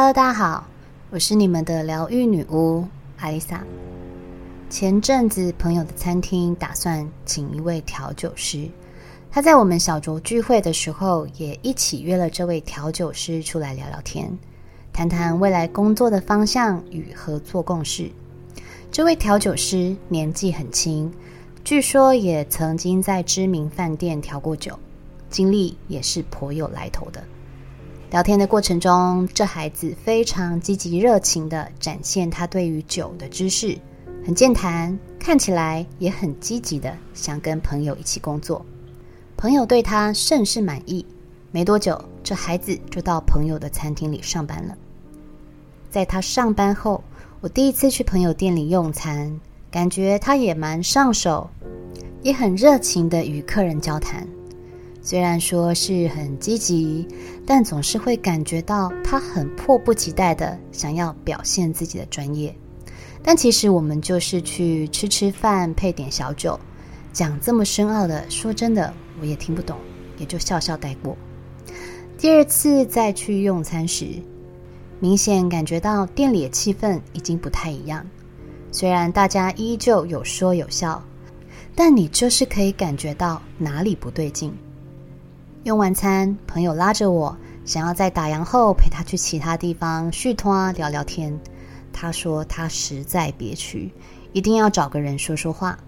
Hello，大家好，我是你們的療癒女巫艾麗莎。前陣子，朋友的餐廳打算請一位調酒師。他在我們小酌聚會的時候，也一起約了這位調酒師出來聊聊天，談談未來工作的方向與合作共事。這位調酒師年紀很輕，據說也曾經在知名飯店調過酒，經歷也是頗有來頭的。聊天的過程中，這孩子非常積極熱情地展現他對於酒的知識，很健談，看起來也很積極地想跟朋友一起工作。朋友對他甚是滿意，沒多久這孩子就到朋友的餐廳裡上班了。在他上班後，我第一次去朋友店裡用餐，感覺他也蠻上手，也很熱情地與客人交談。雖然說是很積極，但總是會感覺到他很迫不及待的想要表現自己的專業。但其實我們就是去吃吃飯，配點小酒，講這麼深奧的，說真的我也聽不懂，也就笑笑帶過。第二次再去用餐時，明顯感覺到店裡的氣氛已經不太一樣。雖然大家依舊有說有笑，但你就是可以感覺到哪裡不對勁。用完餐，朋友拉着我，想要在打烊後陪他去其他地方續攤啊聊聊天。他說他實在憋屈，一定要找個人說說話。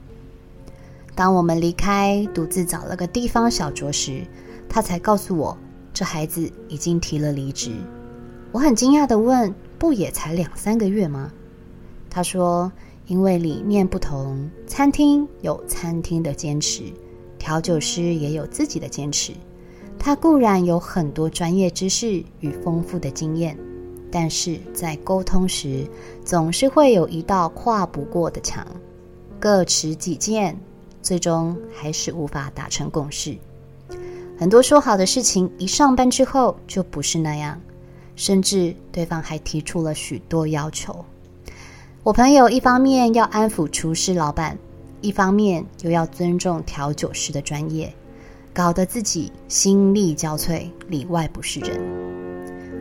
當我們離開，獨自找了個地方小酌時，他才告訴我，這孩子已經提了離職。我很驚訝地問：“不也才兩三個月嗎？”他說：“因為理念不同，餐廳有餐廳的堅持，調酒師也有自己的堅持。”他固然有很多專業知識與豐富的經驗，但是在溝通時總是會有一道跨不過的牆，各持己見，最終還是無法達成共識。很多說好的事情，一上班之後就不是那樣，甚至對方還提出了許多要求。我朋友一方面要安撫廚師老闆，一方面又要尊重調酒師的專業。搞得自己心力交瘁，裡外不是人。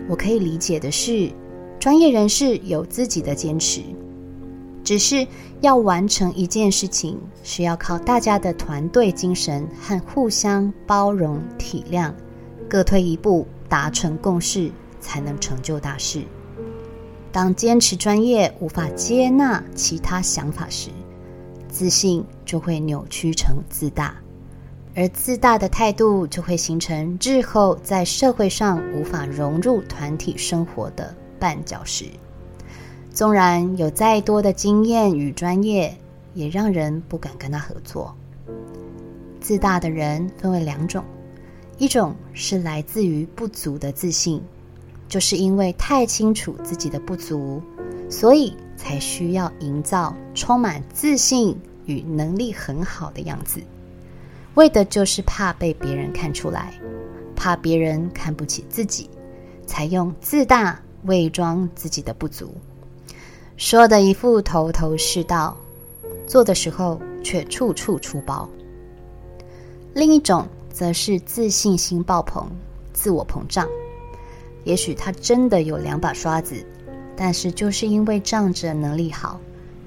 我可以理解的是，專業人士有自己的堅持。只是要完成一件事情，需要靠大家的團隊精神和互相包容體諒，各退一步，達成共識，才能成就大事。當堅持專業無法接納其他想法時，自信就會扭曲成自大。而自大的態度就會形成日後在社會上無法融入團體生活的絆腳石。縱然有再多的經驗與專業，也讓人不敢跟他合作。自大的人分為兩種，一種是來自於不足的自信，就是因為太清楚自己的不足，所以才需要營造充滿自信與能力很好的樣子。為的就是怕被別人看出來，怕別人看不起自己，才用自大偽裝自己的不足，說得一副頭頭是道，做的時候卻處處出包。另一種則是自信心爆棚，自我膨脹，也許他真的有兩把刷子，但是就是因為仗着能力好，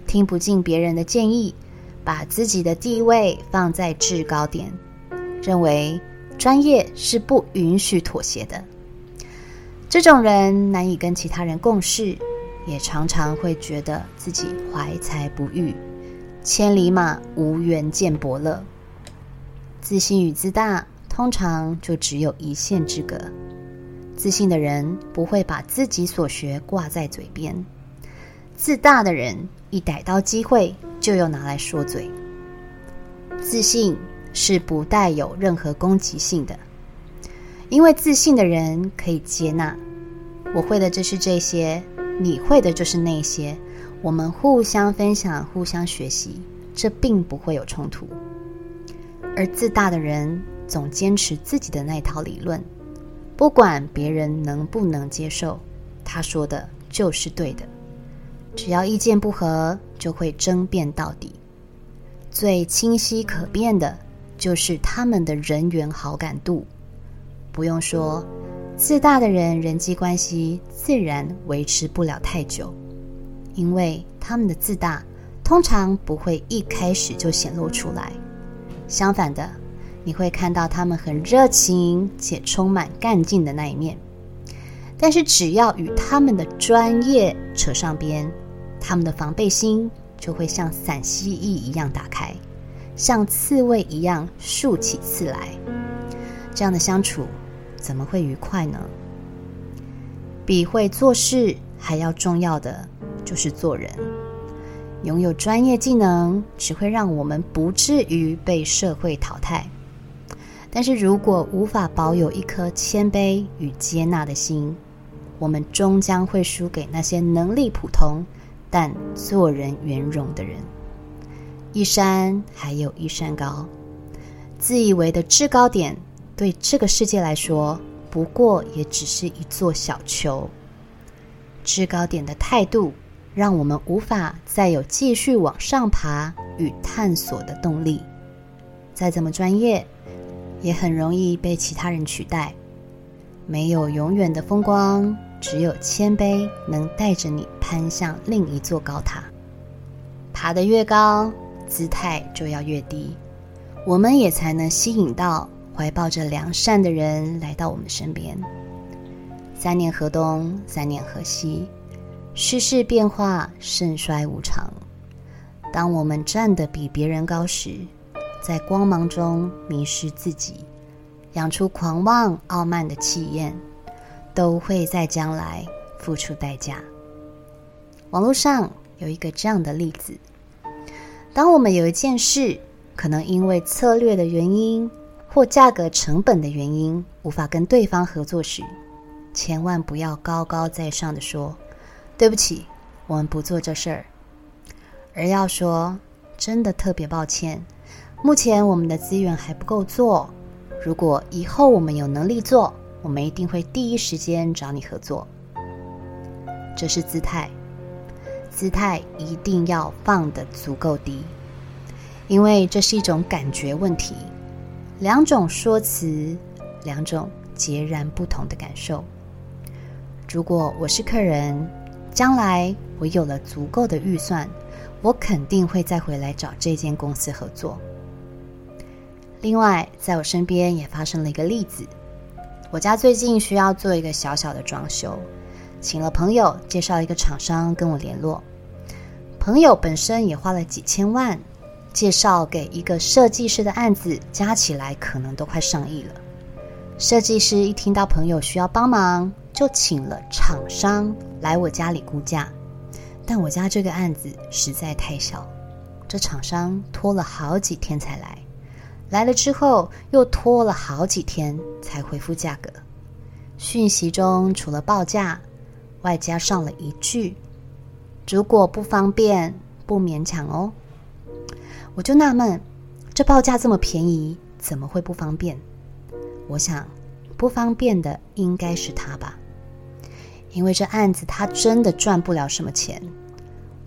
聽不進別人的建議。把自己的地位放在制高點，認為專業是不允許妥協的。這種人難以跟其他人共事，也常常會覺得自己懷才不遇，千里馬無緣見伯樂。自信與自大通常就只有一線之隔。自信的人不會把自己所學掛在嘴邊，自大的人一逮到機會。就又拿來說嘴。自信是不帶有任何攻擊性的，因為自信的人可以接納，我會的就是這些，你會的就是那些，我們互相分享，互相學習，這並不會有衝突。而自大的人總堅持自己的那套理論，不管別人能不能接受，他說的就是對的，只要意見不合。就會爭辯到底。最清晰可辨的，就是他們的人緣好感度。不用說，自大的人人際關係自然維持不了太久，因為他們的自大通常不會一開始就顯露出來。相反的，你會看到他們很熱情且充滿幹勁的那一面。但是，只要與他們的專業扯上邊，他們的防備心就會像傘蜥蜴一樣打開，像刺蝟一樣豎起刺來。這樣的相處怎麼會愉快呢？比會做事還要重要的就是做人。擁有專業技能，只會讓我們不至於被社會淘汰。但是如果無法保有一顆謙卑與接納的心，我們終將會輸給那些能力普通，但做人圓融的人，一山還有一山高。自以為的制高點，對這個世界來說，不過也只是一座小丘。制高點的態度，讓我們無法再有繼續往上爬與探索的動力。再怎麼專業，也很容易被其他人取代。沒有永遠的風光。只有謙卑能帶着你攀向另一座高塔，爬得越高，姿態就要越低，我們也才能吸引到懷抱着良善的人來到我們身邊。三年河東，三年河西，世事變化，盛衰無常。當我們站得比別人高時，在光芒中迷失自己，養出狂妄傲慢的氣焰，都會在將來付出代價。網絡上有一個這樣的例子：當我們有一件事可能因為策略的原因或價格成本的原因無法跟對方合作時，千萬不要高高在上的說“對不起，我們不做這事兒”，而要說“真的特別抱歉，目前我們的資源還不夠做，如果以後我們有能力做”。我們一定會第一時間找你合作，這是姿態，姿態一定要放得足夠低，因為這是一種感覺問題，兩種說辭，兩種截然不同的感受。如果我是客人，將來我有了足夠的預算，我肯定會再回來找這間公司合作。另外，在我身邊也發生了一個例子。我家最近需要做一個小小的裝修，請了朋友介紹一個廠商跟我聯絡。朋友本身也花了幾千萬，介紹給一個設計師的案子，加起來可能都快上億了。設計師一聽到朋友需要幫忙，就請了廠商來我家裡估價，但我家這個案子實在太小，這廠商拖了好幾天才來。來了之後，又拖了好幾天才回復價格。訊息中除了報價，外加上了一句：“如果不方便，不勉強哦。”我就納悶，這報價這麼便宜，怎麼會不方便？我想，不方便的應該是他吧，因為這案子，他真的賺不了什麼錢。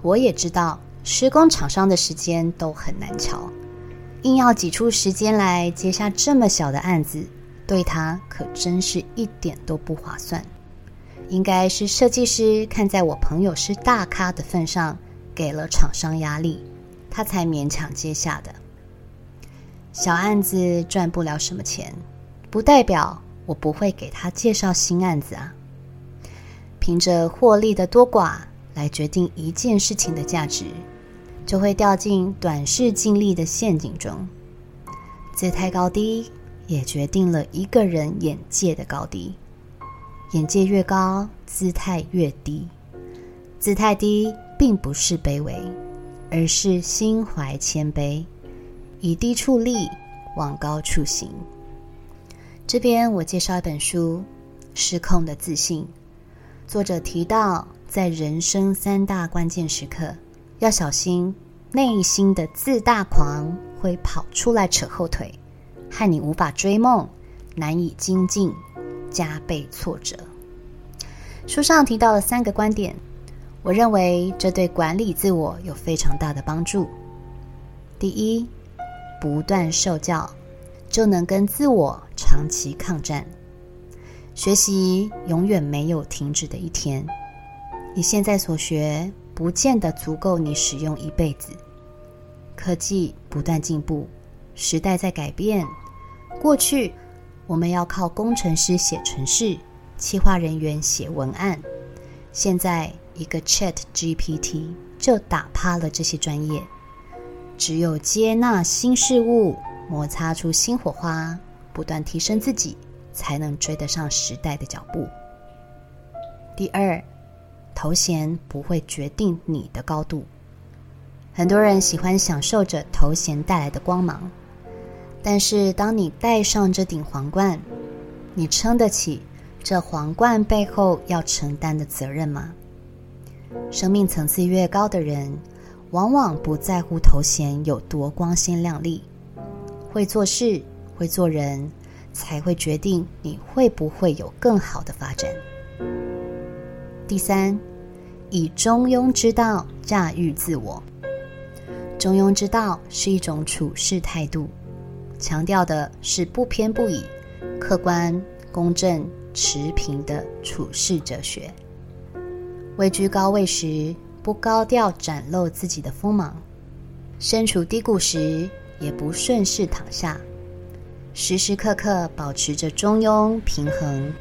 我也知道，施工廠商的時間都很難敲。硬要擠出時間來接下這麼小的案子，對他可真是一點都不划算。應該是設計師看在我朋友是大咖的份上，給了廠商壓力，他才勉強接下的。小案子賺不了什麼錢，不代表我不會給他介紹新案子啊。憑着獲利的多寡來決定一件事情的價值，就會掉進短視近利的陷阱中。姿態高低也決定了一個人眼界的高低。眼界越高，姿態越低。姿態低並不是卑微，而是心懷謙卑，以低處立，往高處行。這邊我介紹一本書《失控的自信》，作者提到，在人生三大關鍵時刻，要小心，內心的自大狂會跑出來扯後腿，害你無法追夢，難以精進，加倍挫折。書上提到了三個觀點，我認為這對管理自我有非常大的幫助。第一，不斷受教，就能跟自我長期抗戰。學習永遠沒有停止的一天，你現在所學。不見得足夠你使用一輩子。科技不斷進步，時代在改變。過去我們要靠工程師寫程式，企劃人員寫文案，現在一個 ChatGPT 就打趴了這些專業。只有接納新事物，摩擦出新火花，不斷提升自己，才能追得上時代的腳步。第二。頭銜不會決定你的高度。很多人喜歡享受着頭銜帶來的光芒，但是當你戴上這頂皇冠，你撐得起這皇冠背後要承擔的責任嗎？生命層次越高的人，往往不在乎頭銜有多光鮮亮麗，會做事、會做人，才會決定你會不會有更好的發展。第三，以中庸之道駕馭自我。中庸之道是一種處世態度，強調的是不偏不倚、客觀公正、持平的處世哲學。位居高位時，不高調展露自己的鋒芒；身處低谷時，也不順勢躺下，時時刻刻保持着中庸平衡，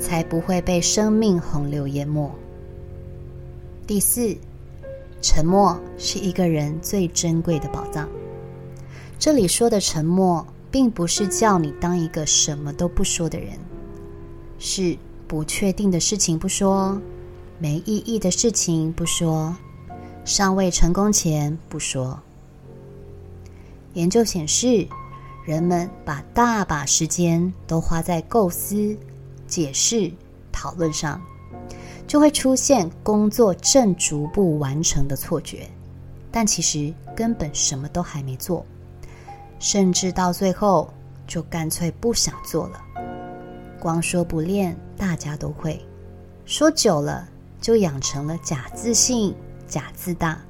才不會被生命洪流淹沒。第四，沉默是一個人最珍貴的寶藏。這裡說的沉默，並不是叫你當一個什麼都不說的人，是不確定的事情不說，沒意義的事情不說，尚未成功前不說。研究顯示，人們把大把時間都花在構思。解釋討論上，就會出現工作正逐步完成的錯覺，但其實根本什麼都還沒做，甚至到最後就乾脆不想做了。光說不練，大家都會說，久了就養成了假自信、假自大。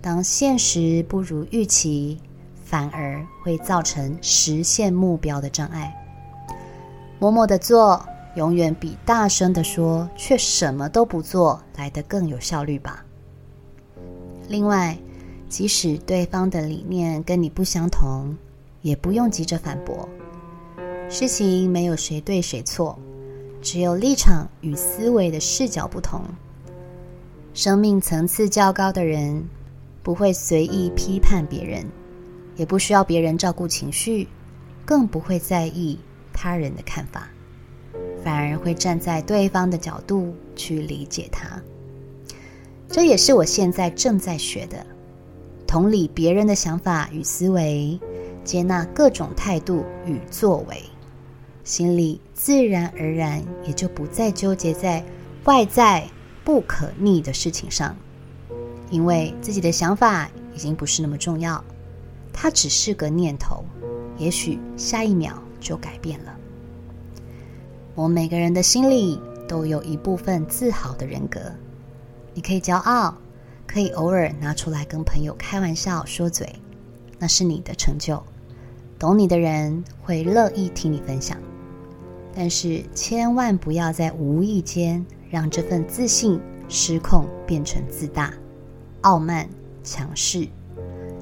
當現實不如預期，反而會造成實現目標的障礙。默默的做，永遠比大聲的說卻什麼都不做來得更有效率吧。另外，即使對方的理念跟你不相同，也不用急着反駁。事情沒有誰對誰錯，只有立場與思維的視角不同。生命層次較高的人，不會隨意批判別人，也不需要別人照顧情緒，更不會在意他人的看法。反而會站在對方的角度去理解他。這也是我現在正在學的，同理別人的想法與思維，接納各種態度與作為，心裡自然而然也就不再糾結在外在不可逆的事情上，因為自己的想法已經不是那麼重要，它只是個念頭，也許下一秒就改變了。我們每個人的心裡都有一部分自豪的人格，你可以驕傲，可以偶爾拿出來跟朋友開玩笑說嘴，那是你的成就。懂你的人會樂意聽你分享，但是千萬不要在無意間讓這份自信失控，變成自大、傲慢、強勢，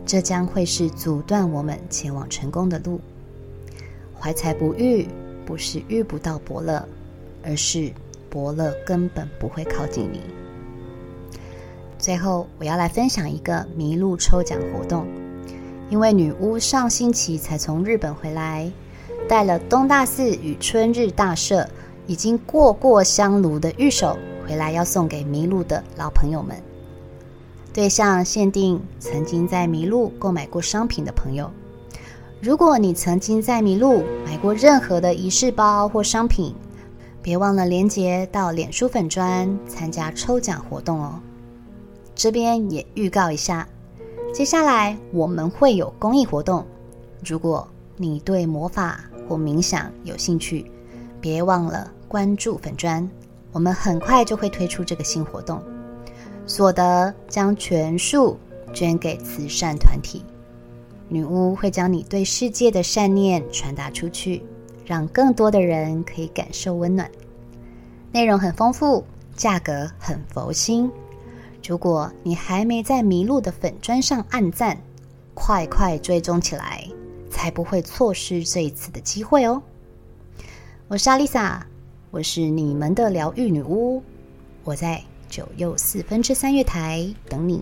這將會是阻斷我們前往成功的路。懷才不遇。不是遇不到伯樂，而是伯樂根本不會靠近你。最後，我要來分享一個迷鹿抽獎活動，因為女巫上星期才從日本回來，帶了東大寺與春日大社已經過過香爐的御守回來，要送給迷鹿的老朋友們。對象限定曾經在迷鹿購買過商品的朋友。如果你曾經在迷鹿買過任何的儀式包或商品，別忘了連接到臉書粉專參加抽獎活動哦。這邊也預告一下，接下來我們會有公益活動。如果你對魔法或冥想有興趣，別忘了關注粉專，我們很快就會推出這個新活動，所得將全數捐給慈善團體。女巫會將你對世界的善念傳達出去，讓更多的人可以感受溫暖。內容很豐富，價格很佛心。如果你還沒在迷鹿的粉專上按讚，快快追蹤起來，才不會錯失這一次的機會哦！我是阿麗莎，我是你們的療癒女巫，我在九又四分之三月台等你。